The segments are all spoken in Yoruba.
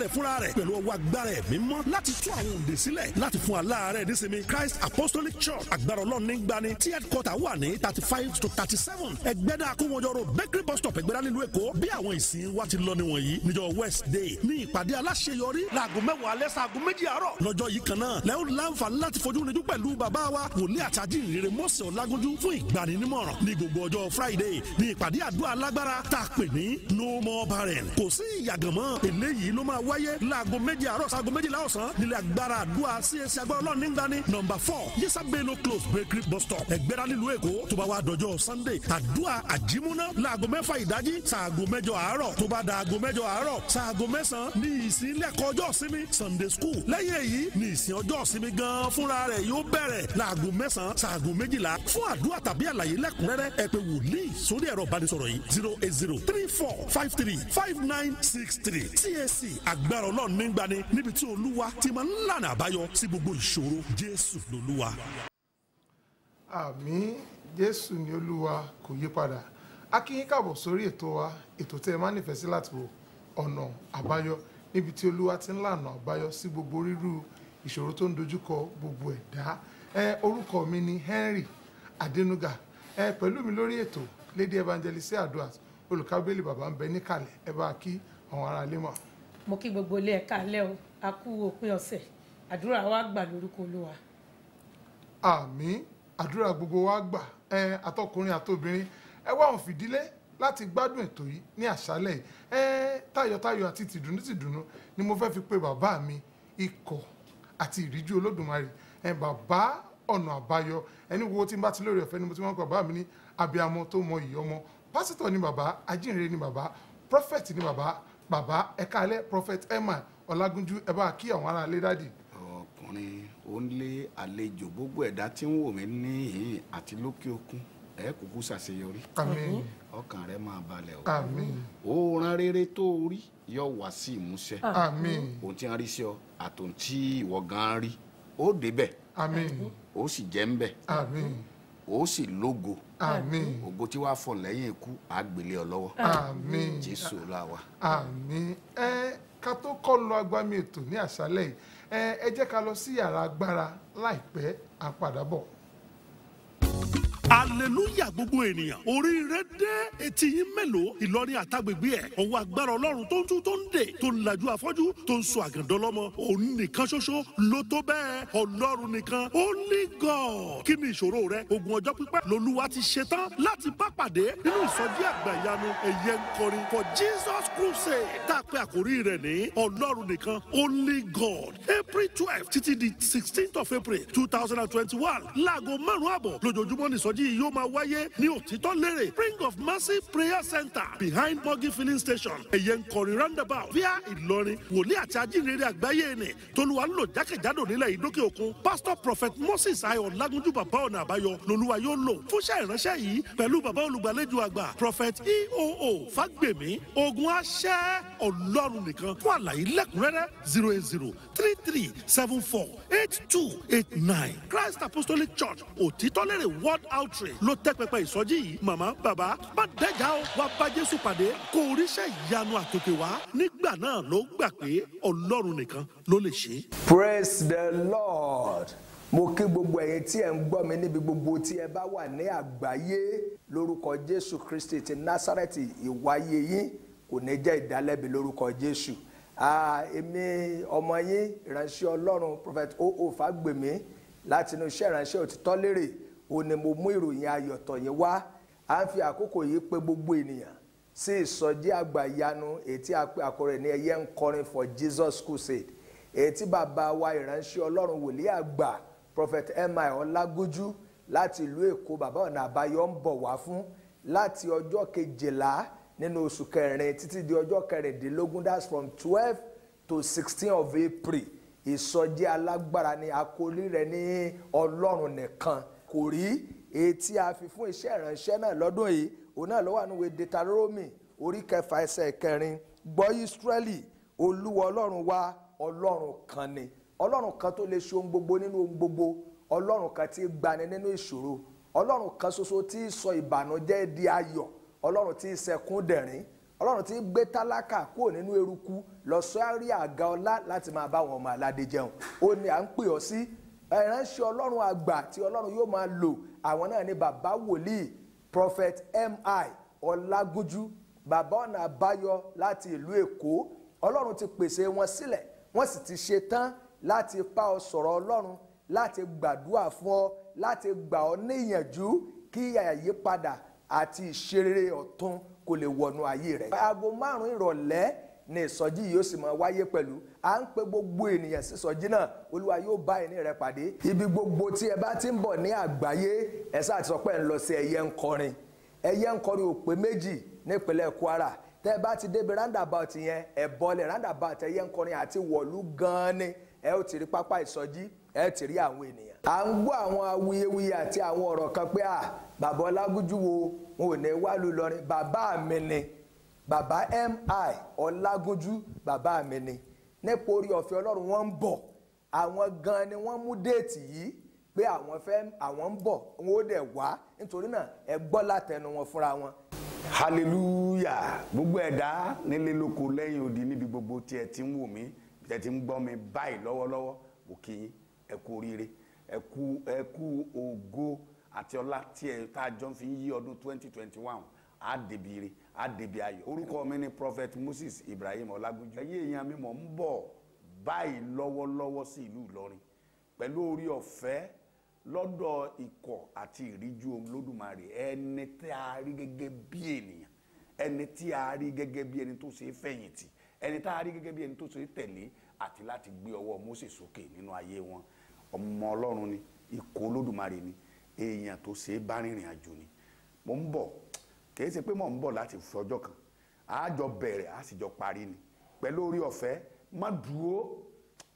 rẹ̀ fúnra rẹ̀ pẹ̀lú ọwọ́ agbára ẹ̀mí mọ́ láti tú àwọn òǹdè sílẹ̀ láti fún aláàárẹ̀ nísinmi Christ Apostolic Church agbára ọlọ́run ní gbani tí headquarter wà ní thirty five to thirty seven ẹgbẹ́dá akówójọ bakery bus stop ẹgbẹ́dá nílùú èkó bí àwọn ìsìn wa ti lọ níwọ̀nyí níjọ́ Wednesday ní ìpàdé aláṣeyọrí láago mẹ́wàá alẹ́ sáago méjì àárọ̀ lọ́jọ́ yìí kan náà lẹ́hìn láǹfààní láti fojú níjú pẹ̀lú bàbá wa wòlíì àtàjìnrere mọ́sẹ̀ ọ̀làgójú fún ìgbaninímọ̀ràn ní gbogbo ọjọ́ Friday ní ìpàdé àdúrà alágbára tá a pè ní no more barren kò sí ìyàgànmọ́ eléyìí ló máa w wáyé láago méje àárọ̀ sago méjìlá ọ̀sán nílẹ̀ agbára àdúrà CAC agbára ọlọ́run nígbà ní four yísà bello close bakery bus stop ẹgbẹ́ra nílùú èkó tó bá wà dọjọ́ sunday àdúrà àjímúná láago mẹ́fà ìdájí sago mẹ́jọ àárọ̀ tó bá da ago mẹ́jọ àárọ̀ sago mẹ́sàn-án ní ìsìn lẹ́kọ̀ọ́ ọjọ́ ìsinmi sunday school lẹ́yìn èyí ní ìsìn ọjọ́ ìsinmi gan fúnra rẹ̀ yóò bẹ̀rẹ̀ láago mẹ́sàn-án sago méjìlá fún àdúrà tàbí àlàyé lẹ́kùnrẹ́rẹ́ ẹ pè wòlíì sórí ẹ̀rọ ìbánisọ̀rọ̀ yìí zero eight zero three four five three five nine six three CAC agbára ọlọ́run nígbà ni níbi tí olúwa ti máa ń lànà àbáyọ sí gbogbo ìṣòro jésù lolúwa. àmín jésù ni olúwa kò yí padà a kí yín káàbọ̀ sórí ètò wa ètò tẹ́ ẹ máa nífẹ̀ẹ́ sí láti wo ọ̀nà àbáyọ níbi tí olúwa ti ń lànà àbáyọ sí gbogbo rírú ìṣòro tó ń dojúkọ gbogbo ẹ̀dá orúkọ mi ni Henry Adenuga ẹ pẹ̀lú mi lórí ètò Lady Evangelist Aduat olùkábẹ́lì bàbá ń bẹ níkàlẹ̀ ẹ bá kí àwọn ará ilé mọ̀ mo kí gbogbo ilé ẹ̀ka alẹ́ o a kú òpin ọ̀sẹ̀ àdúrà wa gbà lórúkọ olúwa. àmín àdúrà gbogbo wa gbà ẹ àtọkùnrin àtobìnrin ẹ wá òun fìdílé láti gbádùn ètò yìí ní àṣálẹ́ ẹ tayọ̀tayọ̀ àti tìdùnnú tìdùnnú ni mo fẹ́ fi pe bàbá mi ikọ̀ àti ìríjú olódùmarè ẹ bàbá ọ̀nà àbáyọ ẹni wo tí n bá ti lórí ọ̀fẹ́ ni mo ti máa ń kọ́ bàbá mi ní abiyamọ tó mọ ìyọmọ pásítọ̀ ni bàbá ajínrere ni bàbá prọfẹ̀tì ni bàbá bàbá ẹ̀ka alẹ́ prophet emma ọlágúnjú ẹ bá kí àwọn ará ilé dáàdì. ọkùnrin ó ń lé àlejò gbogbo ẹ̀dá tí ń wò mí níhìn àti lókè òkun ẹ kúkú ṣàṣeyọrí àmín ọkàn rẹ máa balẹ̀ o àmín òòràn rere tó rí yóò wá sí ìmúṣẹ ah. àmín ohun tí wọn rí sí ọ àtòun ìwọ gan rí ó débẹ̀ àmín ó sì jẹ́ ń bẹ̀ àmín ó sì lógo àmín ògo tí wàá fọ̀ lẹ́yìn ikú àgbélé ọ lọ́wọ́ àmín jésù olúwa. àmín ẹ ká tó kọ́ lọ agbami ètò ní àṣálẹ́ yìí ẹ jẹ́ ká lọ sí yàrá agbára láìpẹ́ àpadàbọ̀ aleluya gbogbo ènìyàn oríire dé etí yín mélòó ìlọrin àtàgbègbè ẹ ọwọ́ agbára ọlọ́run tó ń tú tó ń dè tó ń lajú afọ́jú tó ń sọ àgàndán lọ́mọ òun nìkan ṣoṣo ló tó bẹ́ẹ̀ ọlọ́run nìkan only God kí ni ìṣòro rẹ ogun ọjọ́ pípẹ́ lolúwa ti ṣe tán láti bá pàdé nínú ìsọjí àgbà ìyanu ẹ̀yẹ ń kọrin for Jesus Christ. tá a pè àkórí rẹ̀ ní ọlọ́run nìkan only God April twelve títí di sixteenth of April two thousand and twenty one láago márùn-ún àbọ̀ lójoojúmọ́ ní ìsọjí ìsọjí yìí yóò máa wáyé ní òtítọ́ lérè spring of mercy prayer center behind bogi filling station ẹ̀yẹ nkọrin roundabout via ìlọrin wòlíì àti ajínrere àgbáyé ni tolúwa ń lò jákèjádò nílẹ̀ ìdókè òkun pastor prophet moses ayọ̀ lágúnjú bàbá ọ̀nà àbáyọ lolúwa yóò lò fúnṣẹ́ ìránṣẹ́ yìí pẹ̀lú bàbá olùgbàlejò àgbà prophet eoo fagbemi ogun aṣẹ́ ọlọ́run nìkan fún àlàyé lẹ́kùnrẹ́rẹ́ zero eight zero three three seven four eight two eight nine christ apostolic church òtítọ́lẹ̀rẹ̀ word out adultery ló tẹ́ pẹpẹ ìsọjí yìí màmá bàbá má dẹ́jà o wá bá jésù pàdé kó oríṣẹ́ ìyanu àtòkè wá nígbà náà ló gbà pé ọlọ́run nìkan ló lè ṣe. praise the lord mo kí gbogbo ẹ̀yin tí ẹ̀ ń gbọ́ mi níbi gbogbo tí ẹ bá wà ní àgbáyé lórúkọ jésù kristi ti násárẹ́tì ìwáyé yín kò ní jẹ́ ìdálẹ́bi lórúkọ jésù èmi ọmọ yín ìránṣẹ́ ọlọ́run prophet oo fagbemi látinú iṣẹ́ ìránṣẹ́ òtítọ́ lérè òun ni mo mú ìròyìn ayọ̀tọ̀ yẹn wá à ń fi àkókò yìí pé gbogbo ènìyàn sí ìsọjí àgbàyanu ètí àkọrẹ́ ní ẹyẹ ń kọrin for Jesus crusade ètí bàbá wa ìránṣẹ́ ọlọ́run wòlíì àgbà prophet emma ọlágójú láti ìlú èkó bàbá ọ̀nà àbáyọ ń bọ̀ wá fún láti ọjọ́ kejìlá nínú oṣù kẹrin títí di ọjọ́ kẹrìndínlógún that's from twelve to sixteen of April ìsọjí alágbára ni àkórí rẹ̀ ní ọlọ́run nìkan kò rí èyí tí a fi fún iṣẹ́ ìránṣẹ́ náà lọ́dún yìí òun náà ló wà níwèé Dẹ́tàrómì orí kẹfà ẹsẹ̀ kẹrin gbọ́ Ísírẹ́lì olúwa ọlọ́run wa ọlọ́run kan ni ọlọ́run kan tó lè ṣe ohun gbogbo nínú ohun gbogbo ọlọ́run kan tí gbani nínú ìṣòro ọlọ́run kan ṣoṣo tí sọ ìbànújẹ́ di ayọ̀ ọlọ́run tí sẹkún dẹ̀rín ọlọ́run tí gbé tálákà kúrò nínú eruku lọ sọ àrí àga ọlá láti máa bá wọn ọmọ aládé jẹun ó ní à ń pè ọ́ sí ìránṣẹ́ ọlọ́run àgbà tí ọlọ́run yóò máa lò àwọn náà ni bàbá wòlíì prophet mi ọlágúnjú bàbá ọ̀nà àbáyọ láti ìlú èkó ọlọ́run ti pèsè wọn sílẹ̀ wọ́n sì ti ṣe tán láti pa ọ sọ̀rọ̀ ọlọ́run láti gbàdúrà fún ọ láti gbà ọ ní ìyànjú kí àyípadà àti ìṣeré ọ̀tun kò lè wọnú ayé rẹ. aago márùn-ún ìrọ̀lẹ́ ni ìsọjí yìí ó sì máa wáyé pẹ̀lú à ń pe gbogbo ènìyàn sí sọjí náà olúwa yóò bá ẹni rẹ pàdé ibi gbogbo tí ẹ bá ti ń bọ̀ ní àgbáyé ẹ sáà ti sọ pé ẹ ń lọ sí ẹyẹ ń kọrin ẹyẹ ń kọrin ò méjì nípínlẹ̀ Kwara tẹ́ bá ti débi roundabout yẹn ẹ bọ́lẹ̀ roundabout ẹyẹ ń kọrin àti wọ̀lú gan ni ẹ ó ti rí pápá ìsọjí ẹ ti rí àwọn ènìyàn. à ń gbọ́ àwọn awuyewuye àti àwọn ọ̀rọ̀ kan pé à bàbá ọlágúnjú wo wọn ò ní wá lù bàbá mi ni bàbá mi ọlágúnjú bàbá mi ni nípa orí ọ̀fẹ́ ọlọ́run wọ́n ń bọ̀ àwọn gan ni wọ́n mú déètì yìí pé àwọn fẹ́ àwọn ń bọ̀ wọn ó dẹ̀ wá nítorí náà ẹ gbọ́ látẹnu wọn fúnra wọn. hallelujah gbogbo ẹ̀dá nílé lóko lẹ́yìn odi níbi gbogbo tí ẹ ti ń wò mí tí ẹ ti ń gbọ́ mi báyìí lọ́wọ́lọ́wọ́ mo kí yín ẹ kú oríire ẹ kú ẹ kú ògo àti ọlá tí ẹ tá a jọ fi yí ọdún twenty twenty one á débìire àdèbí ayọ̀ orúkọ mi ni prophet moses ibrahim ọlágúnjú ẹ̀yin èèyàn mi mò ń bọ̀ báyìí lọ́wọ́lọ́wọ́ sí ìlú ìlọrin pẹ̀lú orí ọ̀fẹ́ lọ́dọ̀ ikọ̀ àti ìríjú olódùmarè ẹni tí a rí gẹ́gẹ́ bí ènìyàn ẹni tí a rí gẹ́gẹ́ bí ẹni tó ṣe é fẹ̀yìntì ẹni tá a rí gẹ́gẹ́ bí ẹni tó ṣe é tẹ̀lé àti láti gbé ọwọ́ moses sókè nínú ayé wọn ọmọ ọlọ́run ni ikọ̀ olódùmarè ni èèyàn tó ṣe é bá rìnrìn àjò ni mò ń bọ̀ kì í ṣe pé mò ń bọ̀ láti fọjọ́ kan àájọ bẹ̀rẹ̀ á sì jọ parí ni pẹ̀lú orí ọ̀fẹ́ má dúró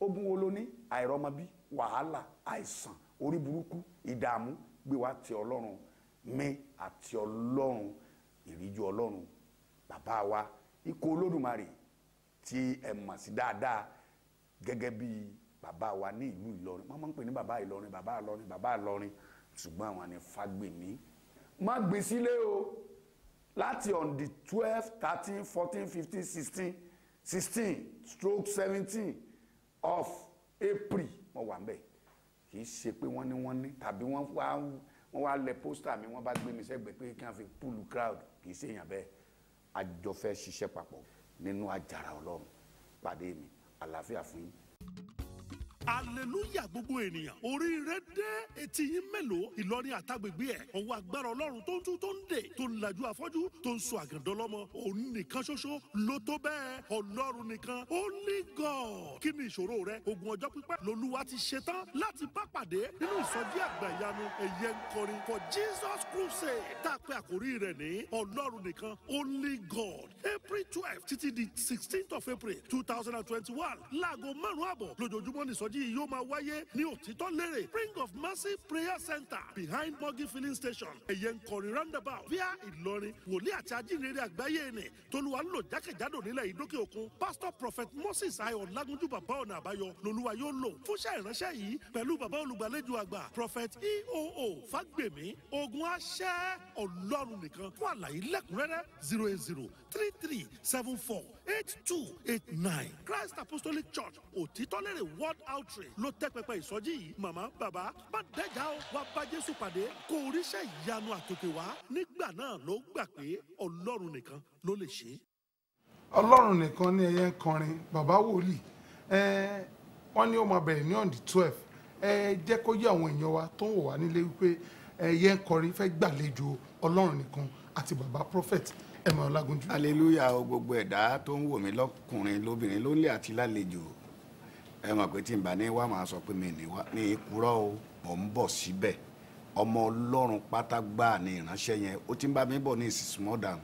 ogun wo ló ní àìrọ́mọbí wàhálà àìsàn orí burúkú ìdààmú gbé wá ti ọlọ́run mi àti ọlọ́run ìríjú ọlọ́run bàbá wa ikọ̀ olódùmarè tí ẹ mọ̀ sí dáadáa gẹ́gẹ́ bí bàbá wa ní ìlú ìlọrin wọ́n máa ń pè ní bàbá ìlọrin bàbá ìlọrin bàbá ìlọrin ṣùgbọ́n àwọn ni fágbèmí má gbèsílẹ̀ o láti on the twelve thirteen fourteen fifteen sixteen sixteen stroke seventeen of april mo wà mbẹ kì í ṣe pé wọ́n ní wọ́n ní tàbí wọ́n wá wọ́n wá lẹ̀ pósítà mi wọ́n bá gbé mi sẹ́gbẹ̀ẹ́ pé kí wọ́n fi púlù crowd kì í ṣe èèyàn bẹ́ẹ̀ àjọfẹ́ ṣiṣẹ́ papọ̀ nínú àjàrà ọlọ́run pàdé mi àlàáfíà fún yín aleluya gbogbo ènìyàn oríire dé etí yín mélòó ìlọrin àtàgbègbè ẹ ọwọ́ agbára ọlọ́run tó ń tú tó ń dè tó ń lajú afọ́jú tó ń sọ àgàndán lọ́mọ òun nìkan ṣoṣo ló tó bẹ́ẹ̀ ọlọ́run nìkan only god kí ni ìṣòro rẹ ogun ọjọ́ pípẹ́ lolúwa ti ṣe tán láti bá pàdé nínú ìsọjí àgbà ìyanu ẹ̀yẹ ń kọrin for jesus Christ tá a pè àkórí rẹ̀ ní ọlọ́run nìkan only god april twelve títí di sixteenth of april two thousand and twenty one láago márùn-ún àbọ̀ lójoojúmọ́ ní ìsọjí ìsọjí yìí yóò máa wáyé ní òtítọ́ lérè spring of mercy prayer center behind buggy filling station ẹ̀yẹ nkọrin roundabout via ìlọrin wòlíì àti ajínrere àgbáyé ni tolúwa ń lò jákèjádò nílẹ̀ ìdókè òkun pastor prophet moses ayọ̀ lágúnjú bàbá ọ̀nà àbáyọ lolúwa yóò lò fúnṣẹ́ ìránṣẹ́ yìí pẹ̀lú bàbá olùgbàlejò àgbà prophet eoo fagbemi ogun aṣẹ́ ọlọ́run nìkan fún àlàyé lẹ́kùnrẹ́rẹ́ zero eight zero 33748289 Christ Apostolic Church òtítọ́lérè world outreach ló tẹ́ pẹpẹ ìsọjí yìí màmá bàbá má dẹ́jà o wá bá Jésù pàdé kó oríṣẹ́ ìyanu àtòkè wá nígbà náà ló gbà pé Ọlọ́run nìkan ló lè ṣe. Ọlọ́run nìkan ni ẹyẹ ń kọrin bàbá wòlíì wọ́n ní ó máa bẹ̀rẹ̀ ní on the twelve ẹ jẹ́ kó yé àwọn èèyàn wa tó ń wò wá nílé wípé ẹyẹ ń kọrin fẹ́ gbàlejò Ọlọ́run nìkan àti bàbá prophet ẹ̀mọ ọlágunjú. aleluya o gbogbo ẹ̀dá tó ń wò mí lọ́kùnrin lóbìnrin ló ń lé àti lálejò ẹ mọ̀ pé tí n bá ní wá màá sọ pé mi ní ìkúrọ́ o mò ń bọ̀ síbẹ̀ ọmọ ọlọ́run pátá gbà ní ìránṣẹ́ yẹn ó ti ń bá mi bọ̀ ní ìsìsì mọ́dàn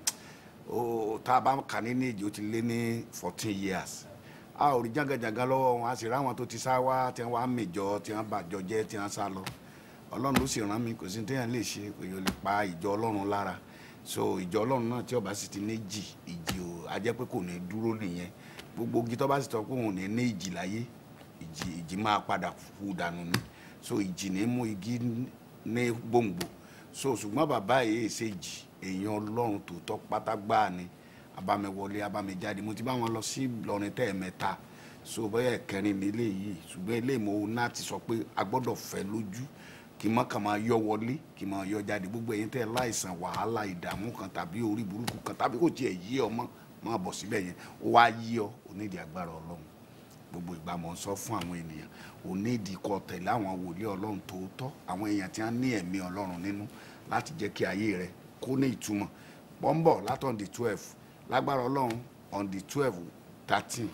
tá a bá kà ní ní ìjì ó ti lé ní fourteen years a ò rí jàǹgàjàǹgà lọ́wọ́ wọn a sì ráwọn tó ti sá wá tí wọ́n á mìjọ tí wọ́n bàjọ jẹ́ tí wọ́n sá lọ ọlọ́run ló sì rán mi kò sí téèyàn lè ṣe kò lè pa ìjọ ọlọ́run lára so ìjọ ọlọ́run náà tí ó bá sì ti ní jì ìjì ò á jẹ́ pé kò ní dúró nìyẹn gbogbo igi tó bá sì tọ́ pé òun ní ní ìjì láyé ìjì ìjì máa padà kú dànù ni so ìjì ní mú igi ní gbòǹgbò so ṣùgbọ́n bàbá yìí ṣe jì èèyàn ọlọ́run tòótọ́ pátá gbáà ni abamẹwọlé abamẹjáde mo ti bá wọn lọ sí Ìlọrin tẹ́ẹ̀mẹ́ta so bóyá ẹ̀kẹrin ní ilé yìí ṣùgbọ́n ilé ìmọ̀ òun ti sọ pé a fẹ́ lójú kì í mọ́ kàn máa yọ wọlé kì í mọ́ yọ jáde gbogbo ẹ̀yin tẹ́ láìsàn wàhálà ìdààmú kan tàbí orí burúkú kan tàbí kò tiẹ̀ yí ọmọ máa bọ̀ síbẹ̀ yẹn ó wá yí ọ onídìí agbára ọlọ́run gbogbo ìgbà mọ̀ ń sọ fún àwọn ènìyàn onídìí kọ tẹ̀lé àwọn wòlíì ọlọ́run tòótọ́ àwọn èèyàn tí wọ́n ní ẹ̀mí ọlọ́run nínú láti jẹ́ kí ayé rẹ kó ní ìtumọ̀ bọ́ńbọ̀ látọ̀n di twelve lágbára ọlọ́run on the twelve thirteen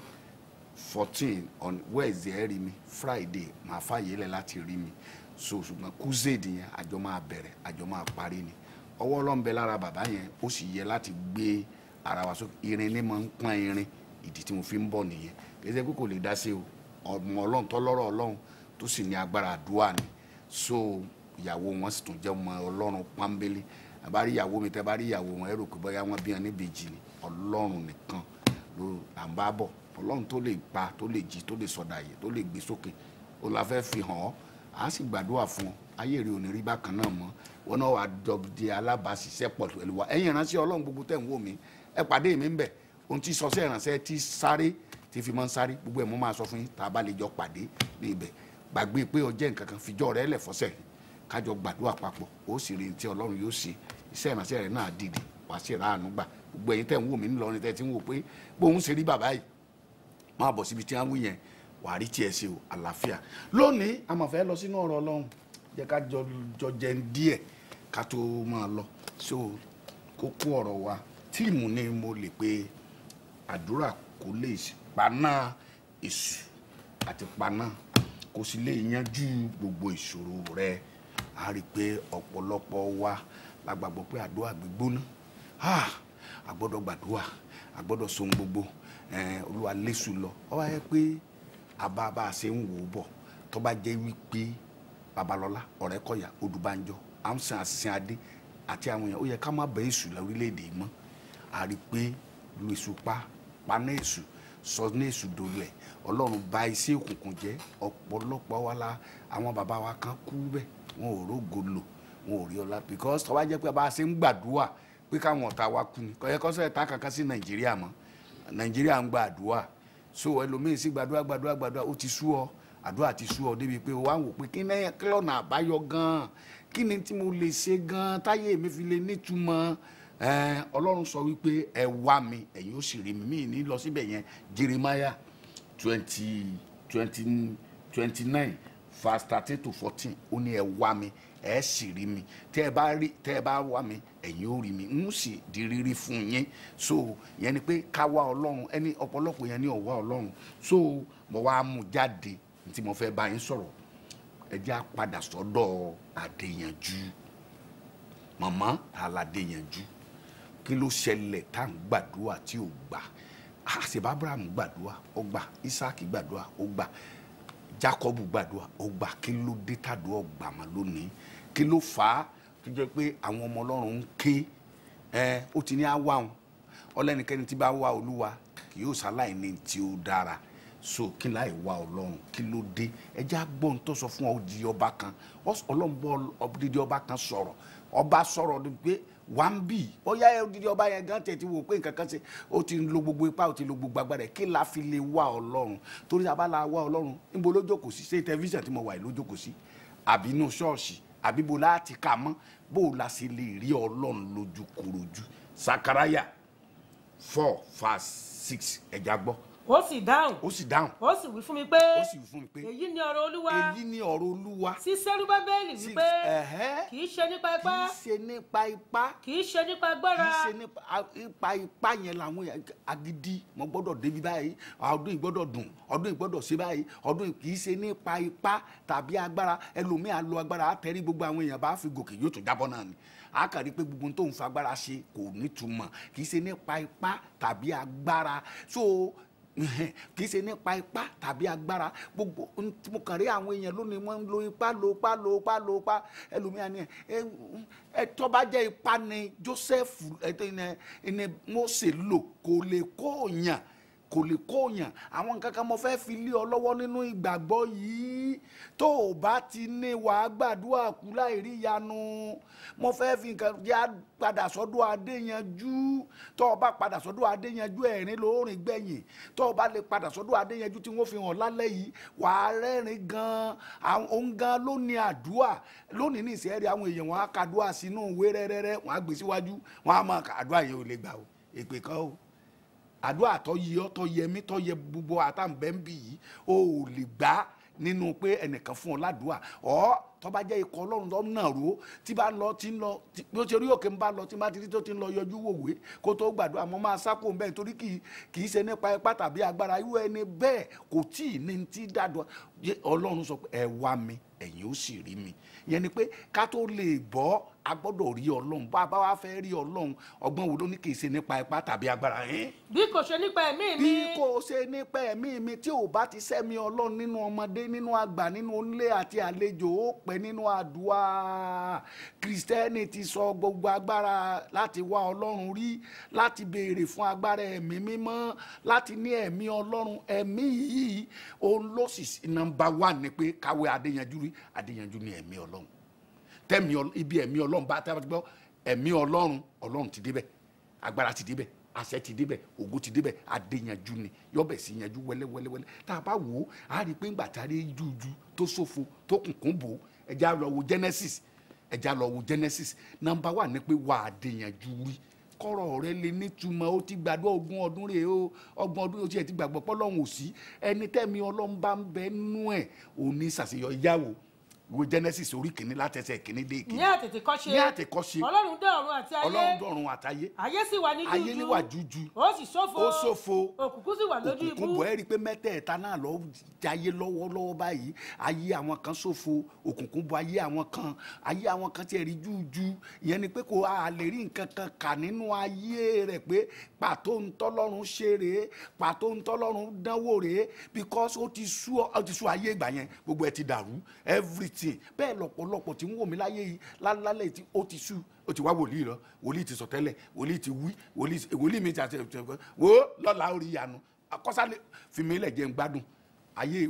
fourteen on wednesday ẹ rí mi friday màá fàyè lẹ̀ láti rí mi so ṣùgbọ́n crusade yẹn àjọ máa bẹ̀rẹ̀ àjọ máa parí ni ọwọ́ ọlọ́mbẹ lára bàbá yẹn ó sì yẹ láti gbé ara wa sókè irin ní máa ń pọ́n irin ìdí tí mo fi ń bọ̀ nìyẹn kẹsẹ́ pé kò lè dá sí o ọmọ ọlọ́run tó ọlọ́run tó sì ní agbára àdúrà ni so ìyàwó wọn sì tún jẹ́ ọmọ ọlọ́run pọ́nbélé àbárí ìyàwó mi tẹ́ bá rí ìyàwó wọn ẹ̀rọ pé bóyá wọ́n bí wọn níbejì ni ọlọ́run nìkan ló là ń bá bọ̀ ọlọ́run tó lè pa tó lè jí tó lè sọ̀dàyè tó lè gbé sókè ó la fẹ́ fi hàn ọ́ a sì gbàdúrà fún ọ ayé rẹ ò ní rí bákan náà mọ́ wọn náà wà dọ̀bìdì alábàáṣiṣẹ́pọ̀ pẹ̀lú wa ẹ̀yin ìránṣẹ́ ọlọ́run gbogbo tẹ̀ ń wò mí ẹ pàdé mi ń bẹ̀ ohun tí sọ́sẹ́ ìránṣẹ́ ti sáré tí fi máa ń sáré gbogbo ẹ̀ mo máa sọ fún yín tá a bá lè jọ pàdé ní ibẹ̀ gbàgbé pé ọjẹ́ nǹkan kan fìjọ́ rẹ lẹ̀ fọ́sẹ̀ kájọ gbàdúrà papọ̀ ó sì rí ti ọlọ́run yóò ṣe iṣẹ́ ìránṣẹ́ rẹ náà dìde wá sí ìràánú gbà gbogbo ẹ̀yin tẹ̀ ń wò mí ńlọrin tẹ̀ ti ń wò pé bóun ṣe rí bàbá yìí máa bọ̀ síbi tí wọ́n wí yẹn wàá rí tiẹ̀ ṣe o àlàáfíà lónìí a máa fẹ́ lọ sínú ọ̀rọ̀ ọlọ́run jẹ́ ká jọ jẹun díẹ̀ ká tó máa lọ so kókó ọ̀rọ̀ wa tíìmù ni mo lè pe àdúrà kó lè paná èṣù àti paná kó sì lè yanjú gbogbo ìṣòro rẹ a rí i pé ọ̀pọ̀lọpọ̀ wa la gbàgbọ́ pé àdúrà gbígbóná a gbọ́dọ̀ gbàdúrà a gbọ́dọ̀ so ohun gbogbo olúwa lẹ́sùn lọ ó wá pé àbá bá a ṣe ń wò ó bọ̀ tó wípé Babalọ́lá Ọ̀rẹ́kọ̀yà Odùbánjọ Amsan àṣìṣe adé àti àwọn èèyàn ó yẹ ká má bẹ èṣù lórílẹ̀‐èdè yìí pé lu pa paná èṣù sọ ní èṣù dolẹ̀ ọlọ́run bà iṣẹ́ òkùnkùn jẹ́ ọ̀pọ̀lọpọ̀ wa la àwọn bàbá wa kan kú bẹ́ẹ̀ wọn ò rógo lò wọn ò rí ọlá because tó bá pé bá ń gbàdúrà pé káwọn ọ̀tá wa kú ni kò yẹ kó kankan sí nàìjíríà mọ́ nàìjíríà ń gbàdúrà so ẹlòmíín sí gbàdúrà gbàdúrà gbàdúrà ó ti sú ọ àdúrà ti sú ọ débi pé ó wá wò pé kí ní kílọ̀nà àbáyọ gan-an kí ni tí mo lè ṣe gan-an táyé mi fi lè nítumọ̀ ọlọ́run sọ wípé ẹ wá mi ẹ̀yin ó sì rí mi mí ní lọ síbẹ̀ yẹn Jeremiah twenty twenty twenty nine verse thirteen to fourteen ó ní ẹ wá mi ẹ sì rí mi tẹ́ ẹ bá rí tẹ́ ẹ bá wá mi ẹ̀yin ó rí mi n sì di rírí fún yín so yẹn ni pé ká wá ọlọ́run ẹni ọ̀pọ̀lọpọ̀ yẹn ni ọ̀wá ọlọ́run so mo wá mú jáde tí mo fẹ́ bá yín sọ̀rọ̀ ẹ jẹ́ àpadà sọ́dọ̀ àdéyànjú màmá àlàdéyànjú kí ló ṣẹlẹ̀ tá à ń gbàdúrà tí ò gbà àṣebá abraham gbàdúrà ó gbà isaac gbàdúrà ó gbà jacob gbàdúrà ó gbà kí ló dé tàdúrà gbàmà lónìí kí ló fà á tó jẹ́ pé àwọn ọmọ ọlọ́run ń ké ẹ ó ti ní á wá wọn ọlẹ́nikẹ́ni tí bá wá olúwa kì yóò ṣaláì ní tí ó dára so kí láì wá ọlọ́run kí ló dé ẹjẹ́ agbóhùn tó sọ fún ọ di ọba kan ọlọ́run bọ́ ọdídì ọba kan sọ̀rọ̀ ọba sọ̀rọ̀ pé wà ń bì ó yá odidi ọba yẹn gan tẹ̀tí wò pé nǹkan kan ṣe ó ti lo gbogbo ipá ó ti lo gbogbo agbára kí la fi lè wá ọlọ́run torí abala wá ọlọ́run níbo ló sí ṣé tẹlifíṣàn tí mo wà yìí ló sí àbí ṣọ́ọ̀ṣì àbí bo láti kà mọ́ bó o la ṣe lè rí ọlọ́run lójú korojú sakaraya four verse six ẹ̀já gbọ́ ó sì dáhùn ó sì dáhùn ó sì wí fún mi pé ó sì wí fún mi pé èyí ni ọ̀rọ̀ olúwa èyí ni ọ̀rọ̀ olúwa sí Sẹ́rúbábẹ́lì wípé kì í ṣe nípa ipá kì í ṣe nípa ipá kì í ṣe nípa agbára kì í ṣe nípa ipá yẹn làwọn agídí mo gbọ́dọ̀ débi báyìí ọdún yìí gbọ́dọ̀ dùn ọdún yìí gbọ́dọ̀ ṣe báyìí ọdún yìí kì í ṣe nípa ipá tàbí agbára ẹlòmíì á lo agbára á tẹrí gbogbo àwọn èèyàn bá fi gòkè yóò tún jábọ́ náà ni á pé gbogbo tó ń fagbára ṣe kò nítumọ̀ kì í ṣe nípa ipá tàbí agbára so kì í ṣe nípa ipá tàbí agbára gbogbo mo kàn rí àwọn èèyàn lónìí wọ́n ń lo ipá lo ipá lo ipá lo ipá ẹlòmíràn ni ẹ bá jẹ́ ipá ni Joseph ẹni Mósè lò kò lè kó òyàn kò lè kóyàn àwọn nǹkan kan mo fẹ́ fi lé ọ lọ́wọ́ nínú ìgbàgbọ́ yìí tó o bá ti ní wàá gbàdúrà kú láìrí ìyanu mo fẹ́ fi nǹkan yá padà sọ́dọ̀ adéyanjú tó o bá padà sọ́dọ̀ adéyanjú ẹ̀rín lóòrìn gbẹ̀yìn tó o bá lè padà sọ́dọ̀ adéyanjú tí wọ́n fi hàn lálẹ́ yìí wàá rẹ́rìn gan-an òun gan ló ní àdúrà lónìí ní ìsẹ́rí àwọn èèyàn wọn á kàdúrà sínú ìwé rẹ́rẹ́rẹ́ wọn á gbé síwájú wọn á máa kàdúrà yẹn ò lè gbà o èpè kan o àdúrà tó yẹ ọ tó yẹ mí tó yẹ gbogbo àtàǹbẹ̀ǹbì yìí o ò lè gbà nínú pé ẹnìkan fún ọ ládùúà ọ tó bá jẹ́ ikọ̀ ọlọ́run lọ náà ró tí bá ń lọ tí ń lọ bí ó ṣe rí òkè ń bá lọ tí bá ti tó ti ń lọ yọjú wòwe kó tó gbàdúrà mo máa sáko bẹ́ẹ̀ torí kì í ṣe nípa ipá tàbí agbára irú ẹni bẹ́ẹ̀ kò tí ì ní ti dàdọ̀ ọlọ́run sọ pé ẹ wá mi ẹ̀yin ó sì rí mi yẹn ni pé ká tó lè bọ́ a gbọ́dọ̀ rí ọlọ́run bá a bá wa fẹ́ rí ọlọ́run ọgbọ́n wo ló ní kì í ṣe nípa ipá tàbí agbára yín. bí kò ṣe nípa ẹ̀mí mi. bí kò ṣe nípa ẹ̀mí mi tí ò bá ti sẹ́mi ọlọ́run nínú ọmọdé nínú àgbà nínú onílé àti àlejò ó pẹ́ nínú àdúrà kìrìsìtẹ́nì ti sọ gbogbo agbára láti wá ọlọ́run rí láti béèrè fún agbára ẹ̀mí mímọ́ láti ní ẹ̀mí ọlọ́run ẹ̀mí yìí òun ló sì nọ́mbà wà ní pé káwé adéyanjú rí adéyanjú ní ẹ̀mí ọlọ́run tẹ́mi ibi ẹ̀mí ọlọ́run bá tẹ́mi gbọ́ ẹ̀mí ọlọ́run ọlọ́run ti débẹ̀ agbára ti débẹ̀ àṣẹ ti débẹ̀ ògo ti débẹ̀ adéyanjú ni yọbẹ̀ sí yanjú wẹ́lẹ́wẹ́lẹ́wẹ́lẹ́ tá a bá wò ó a rí i pé ńgbà tá a rí jújú tó ṣófo tó kùnkùn bò ó ẹja lọ wo Genesis ẹja lọ wo Genesis nọ́mbà wà ní pé wà á déyanjú rí kọ́rọ̀ rẹ lè nítumọ̀ ó ti gbàdúrà ogún ọdún rèé o ọgbọ̀n ọdún ó ti ẹ̀ ti gbàgbọ́ pé Ọlọ́run ò sí ẹni tẹ́mi Ọlọ́run bá ń bẹ nú ẹ̀ òní ṣàṣeyọ ìyàwó wo genesis orí kìíní látẹsẹ̀ kìíní dé kìíní. ní àtètèkọ́ṣe ní àtètèkọ́ṣe ọlọ́run dọ̀run àti ayé ọlọ́run dọ̀run àti ayé. ayé sì wà ní jújú ayé níwà jújú ó sì ṣófo ó ṣófo òkùnkùn sì wà lójú ibú òkùnkùn bọ̀ ẹ́ rí i pé mẹ́tẹ̀ẹ̀ta náà lọ jayé lọ́wọ́lọ́wọ́ báyìí ayé àwọn kan ṣófo òkùnkùn bọ̀ ayé àwọn kan ayé àwọn kan tiẹ̀ rí jújú ìyẹn ni pé kò a lè rí nǹkan kan kà nínú ayé rẹ̀ pé pàtó ń tọ́lọ́run ṣe rèé pàtó ń tọ́lọ́run dánwò rèé because ó ti sú ayé ìgbà yẹn gbogbo ẹ ti dàrú every everything bẹ́ẹ̀ lọ́pọ̀lọpọ̀ tí ń wò mí láyé yìí lálẹ́ tí ó ti sú ó ti wá wòlíì lọ wòlíì ti sọ tẹ́lẹ̀ wòlíì ti wí wòlíì mi ti àti ẹ̀ wò ó lọ́la orí yanu akọ́sálẹ̀ fìmílẹ̀ jẹ́ ń gbádùn ayé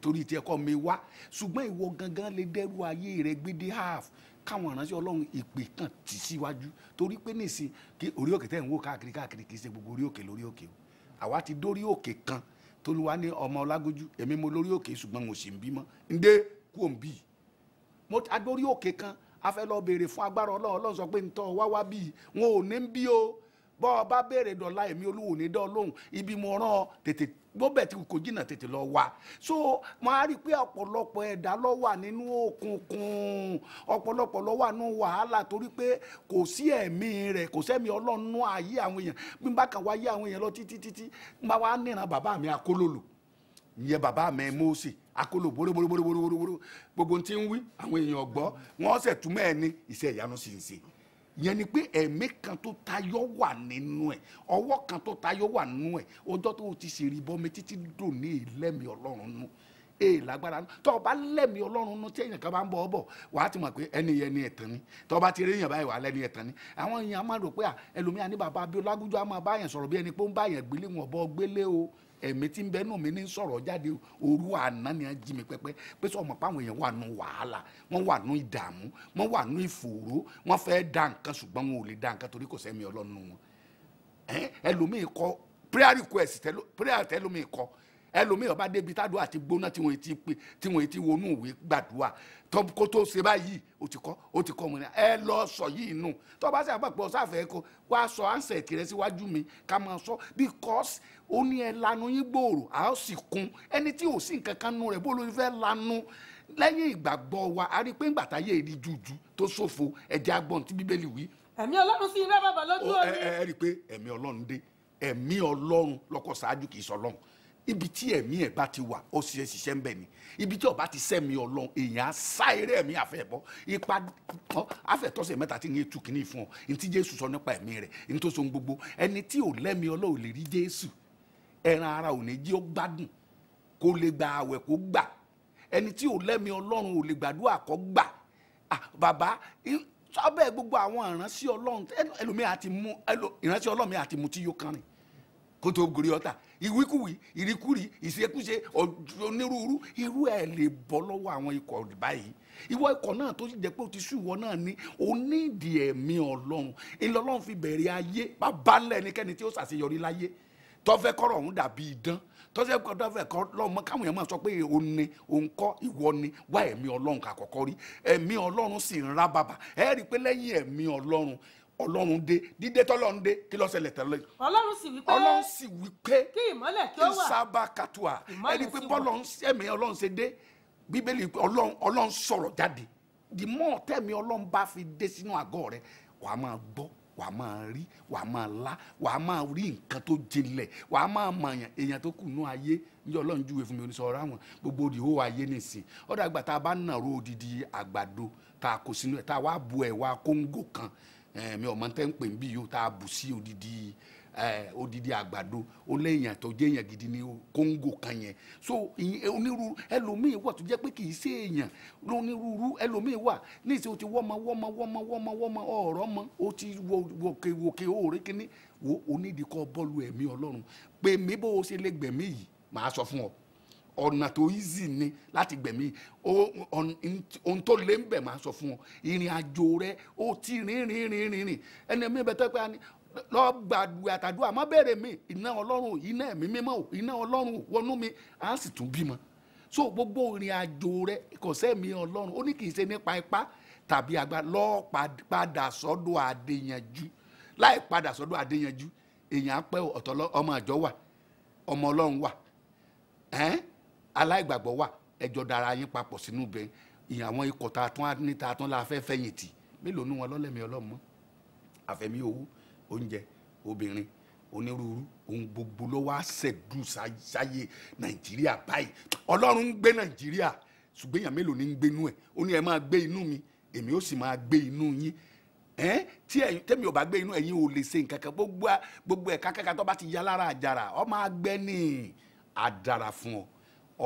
torí tí ẹ̀kọ́ mi wá ṣùgbọ́n ìwọ gangan lè dẹ́rù ayé rẹ gbédé half káwọn ìránṣẹ́ ọlọ́run ìpè kan tì síwájú torí pé nìsín kí orí òkè tẹ̀ ń wò káàkiri káàkiri kì í ṣe gbogbo orí òkè lórí òkè o àwa ti dórí òkè kan tolúwa ní ọmọ ọlágójú èmi mo lórí òkè ṣùgbọ́n mo sì ń bímọ ń dé kú òun bíi mo adórí òkè kan a fẹ́ lọ béèrè fún agbára ọlọ́run ọlọ́run sọ pé ń tọ́ wá wá bíi wọn ò ní bí o bọ́ ọ bá béèrè dọ̀la èmi olúwo ní dán lóhùn ibi mo rán ọ tètè gbọ́bẹ̀ tí kò jìnnà tètè lọ wá so máa rí i pé ọ̀pọ̀lọpọ̀ ẹ̀dá ló wà nínú òkùnkùn ọ̀pọ̀lọpọ̀ ló wà nínú wàhálà torí pé kò sí ẹ̀mí rẹ̀ kò sẹ́mi ọlọ́run ayé àwọn èèyàn bí n bá kàn wá yé àwọn èèyàn lọ títí títí n bá wá níran bàbá mi akólólò ìyẹn bàbá mi Mósè akóló boroboroboro gbogbo tí ń wí àwọn èèyàn gbọ́ wọ́n ṣe túmọ̀ ẹ̀ ní iṣẹ́ ìyanu sì ń ṣe yẹn ni pé ẹ̀mí kan tó tayọ wà nínú ẹ̀ ọwọ́ kan tó tayọ wà nínú ẹ̀ ọjọ́ tó ti ṣe ìrìbọn mi títí dò ní ìlẹ́mi ọlọ́run nù èè lágbára nù tọ́ ọ bá lẹ́mi ọlọ́run nù tí èèyàn kan bá ń bọ̀ ọ́ bọ̀ wà á ti mọ̀ pé ẹni yẹn ni ẹ̀tàn ni tọ́ ọ bá ti rí èèyàn báyìí wà á lẹ́ni ẹ̀tàn ni àwọn èèyàn á máa rò pé ẹlòmíà ní bàbá Abíọ́lágúnjú á máa báyàn sọ̀rọ̀ bí ẹni pé ó ń báyàn gbélé wọn ọ̀bọ gbélé o ẹ̀mí tí ń bẹ nù mí ní sọ̀rọ̀ jáde òru àná ni a jí mi pẹ́pẹ́ pé sọ ọmọ páwọn èèyàn wà nù wàhálà wọ́n wà nù ìdààmú wọ́n wà nù ìfòòró wọ́n fẹ́ da nǹkan ṣùgbọ́n wọn ò lè da nǹkan torí kò sẹ́mi ọlọ́nu wọn ẹlòmíì kọ prayer request prayer tẹlòmíì kọ ẹlòmíì ọba débi tádùá ti gbóná tí wọn ti pe tí wọn ti wọnú ìwé gbàdúrà tó kó tó ṣe báyìí o ti kọ́ o ti kọ́ ọmọ rẹ ẹ lọ sọ yìí nù tó bá ṣe àpapọ̀ sáfẹ́ kó wá sọ àǹsẹ̀ kìrẹ́ síwájú mi ká máa sọ because ó ní ẹ lanu yín gbòòrò a ó sì kún ẹni tí ò sí nǹkan kan nù rẹ̀ bó ló fẹ́ lanu lẹ́yìn ìgbàgbọ́ wa a rí i pé ńgbà táyé èdè jùjú tó ṣòfò ẹ̀jẹ̀ agbọ̀n tí bíbélì wí. ẹ̀mí ọlọ́run sí ilé bàbá lójú òní. ẹ rí i pé ẹ̀mí ọlọ́run dé ẹ̀mí ọlọ́run lọ́kọ̀ ṣáájú kì í sọ ọlọ́run ibi tí ẹ̀mí ẹ̀ bá ti wà ó ṣiṣẹ́ ṣiṣẹ́ ń bẹ̀ ni ibi tí ọba ti sẹ́mi ọlọ́run èèyàn á sá eré ẹ̀mí àfẹ́bọ́ ipa kan àfẹ́tọ́sẹ̀ mẹ́ta tí ń yé tu kìíní fún ọ ní tí jésù sọ nípa ẹ̀mí rẹ̀ ní tó so ń gbogbo ẹni tí ò lẹ́mi ọlọ́run lè rí jésù ẹran ara ò ní jí ó gbádùn kó lè gba àwẹ̀ kó gbà ẹni tí ò lẹ́mi ọlọ́run ò lè gbàdúrà kó gbà bàbá sábẹ́ gbogbo àwọn ìránṣẹ́ ọlọ́run ẹlòmíì àti mu ìránṣẹ́ ọlọ́run mi àti mu tí yóò kánrin kó tó gorí ọ̀tá ìwíkúwí ìríkúrí ìṣekúṣe onírúurú irú ẹ̀ lè bọ́ lọ́wọ́ àwọn ikọ̀ báyìí ìwọ ikọ̀ náà tó jẹ́ pé o ti sú ìwọ náà ní onídìí ẹ̀mí ọlọ́run ilé ọlọ́run fi bẹ̀rẹ̀ ayé bá balẹ̀ ẹnikẹ́ni tí ó ṣàṣeyọrí láyé tọ́fẹ́ kọ́rọ̀ ọ̀hún dàbí idán tọ́sẹ̀ tọ́fẹ́ kọ́ lọ́mọ káwọn èèyàn máa sọ pé o ní ìwọ ni wá ẹ̀mí ọlọ́run kà kọ́kọ́ rí ẹ̀mí ọlọ́run sì ń rá bàbà ẹ rí i pé lẹ́yìn ẹ̀mí ọlọ́run ọlọ́run dé dídé tọ́lọ́run dé kí ló ṣẹlẹ̀ tẹ́lẹ̀. ọlọ́run sì wípé ọlọ́run sì wípé kí ìmọ́lẹ̀ kí ó wà ìsábà kàtúà ẹni pé bọ́lọ́run ẹ̀mí ọlọ́run ṣe dé bíbélì ọlọ́run ọlọ́run sọ̀rọ̀ jáde the more tẹ̀mí ọlọ́run bá fi dé sínú àgọ́ rẹ wàá máa gbọ́ wàá máa rí wàá máa lá wàá máa rí nǹkan tó jinlẹ̀ wàá máa mọ̀yàn èèyàn tó kù nú ayé níjọ́ ọlọ́run júwe fún mi ò ní sọ ọ́ ráwọn gbogbo òdìwó ayé nìsín ọ̀dọ̀ àgbà tá a bá nàró odidi àgbàdo tá a kò sínú ẹ̀ tá a wá bu ẹ̀wà kóńgò kan Eh, mi ò mọ tẹ́ ń pè bí yóò tá a bù sí odidi eh, odidi àgbàdo ó lẹ́yìn àtọ́ jẹ́ èèyàn gidi ni kóńgò kan yẹn so onírúurú ẹlòmíì wà tó jẹ́ pé kì í ṣe èèyàn onírúurú ẹlòmíì wà níṣẹ́ o ti wọ́mọ wọ́mọ wọ́mọ wọ́mọ wọ́mọ ọ̀rọ̀ mọ o ti wòkè wòkè òòrè kínní wo onídìíkọ bọ́ọ̀lù ẹ̀mí ọlọ́run pè bó o ṣe lè gbẹ̀mí yìí màá sọ fún ọ ọ̀nà tó easy ni láti gbẹ̀mí ohun tó lé ń bẹ̀ máa sọ fún ọ ìrìn àjò rẹ ó ti rìn rìn rìn rìn rìn ẹni mi bẹ tẹ́ pé a ní lọ gbàdúrà àtàdúrà má béèrè mi iná ọlọ́run iná ẹ̀mí mímọ́ o iná ọlọ́run wọnú mi à ń sì tún bímọ so gbogbo ìrìn àjò rẹ kò sẹ́mi ọlọ́run ó ní kì í ṣe nípa ipá tàbí àgbà lọ padà sọ́dọ̀ àdéyanjú láì padà sọ́dọ̀ àdéyanjú èèyàn á pẹ́ ọ̀tọ̀ ọmọ àjọ wà ọmọ ọlọ́run wà ẹ́n. Eh? aláìgbàgbọ́ wà ẹjọ́ dára yín papọ̀ sínú bẹ́ẹ̀ ìyẹn àwọn ikọ̀ tá a tún ní tá a tún la fẹ́ fẹ̀yìntì mélòó nú wọn lọ́lẹ́mí ọlọ́mọ àfẹ̀mí owó oúnjẹ obìnrin onírúurú ohun gbogbo ló wá ṣẹ̀dú sáyé nàìjíríà báyìí ọlọ́run ń gbé nàìjíríà ṣùgbọ́n èèyàn mélòó ni ń gbénú ẹ̀ ó ní ẹ máa gbé inú mi èmi ó sì máa gbé inú yín ẹn tí ẹyin tẹmi ò bá gbé inú ẹyin ò lè ṣe nǹkan kan gbogbo gbogbo ẹ̀ka tó bá ti yá lára àjàrà ọ máa gbẹ́ ní àdàrà fún ọ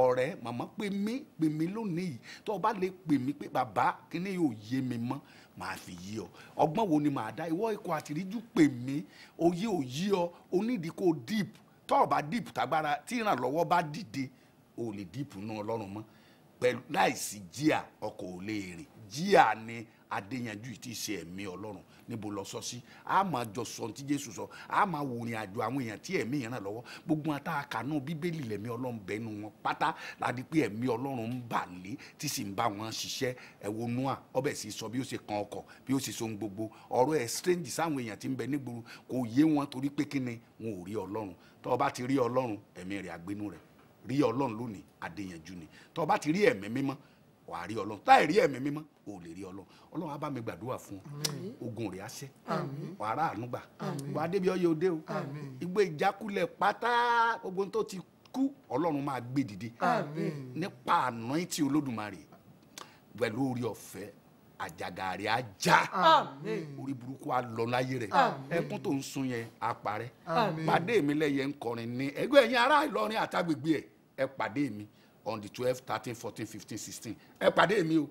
ọ̀rẹ́ màmá pè mí pè mí lónìí tó o bá lè pè mí pé bàbá kíní yóò yé mi mọ́ màá fi yí ọ ọgbọ́n wo ni màá dá ìwọ ikọ̀ àtìríjú pè mí oyé ò yí ọ onídìí deep tó o bá deep tágbára tí ìrànlọ́wọ́ bá dìde ò lè deep náà ọlọ́run mọ́ pẹ̀lú láìsí jíà ọkọ̀ ò lè rìn jíà ni adéyanjú ti ṣe ẹ̀mí ọlọ́run níbo lọ sọ sí a máa jọ sọ tí jésù sọ a máa wo orin àjò àwọn èèyàn tí ẹ̀mí ràn lọ́wọ́ gbogbo wọn tá a kà náà bíbélì lẹ̀mí ọlọ́run bẹ́nu wọn pátá láti pé ẹ̀mí ọlọ́run ń bà lé tí sì ń bá wọn ṣiṣẹ́ ẹ̀wọ̀ noa ọbẹ̀ sì sọ bí ó ṣe kan ọkọ̀ bí ó ṣe so ń gbogbo ọ̀rọ̀ ẹ̀ strange sáwọn èèyàn tí ń bẹ nígboro kò yé wọn torí pé kíni wọn ò rí ọlọ́run tó o bá ti rí ọlọ́run ẹ̀mí rẹ̀ àgbénú rẹ̀ rí ọlọ́run lónìí àdéyànjú ni tó bá ti rí ẹ̀mí mímọ́ wà á rí ọlọ́run táì rí ẹ̀mí mímọ́ ò lè rí ọlọ́run ọlọ́run á bá mi gbàdúrà fún ọ ogun rẹ̀ á ṣẹ́ wà á rà àánú gbà wà á débi ọyẹ òde o ìgbé ìjákulẹ̀ pátá gbogbo tó ti kú ọlọ́run máa gbé dìde nípa àná tí olódùmarè pẹ̀lú orí ọ̀fẹ́ àjàgà rẹ̀ á já orí burúkú á lọ láyé rẹ̀ ẹkún tó ń sun yẹn á parẹ́ pàdé mi lẹ́yẹ ń kọrin ní ẹgbẹ́ ẹ̀yin ará Ìlọrin àtàgbègbè ẹ̀ ẹ pàdé mi on the twelve thirteen fourteen fifteen sixteen ẹ pàdé mi o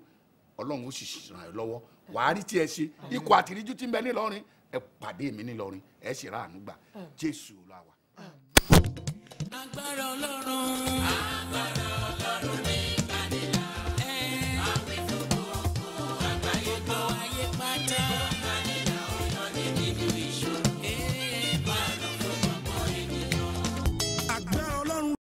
ọlọ́run ó sì ràn ẹ́ lọ́wọ́ wàá rí tí ẹ ṣe ikọ̀ àtìríjú tí ń bẹ nílọrin ẹ pàdé mi nílọrin ẹ sì ra àánú gbà jésù olúwa. agbára ọlọ́run agbára.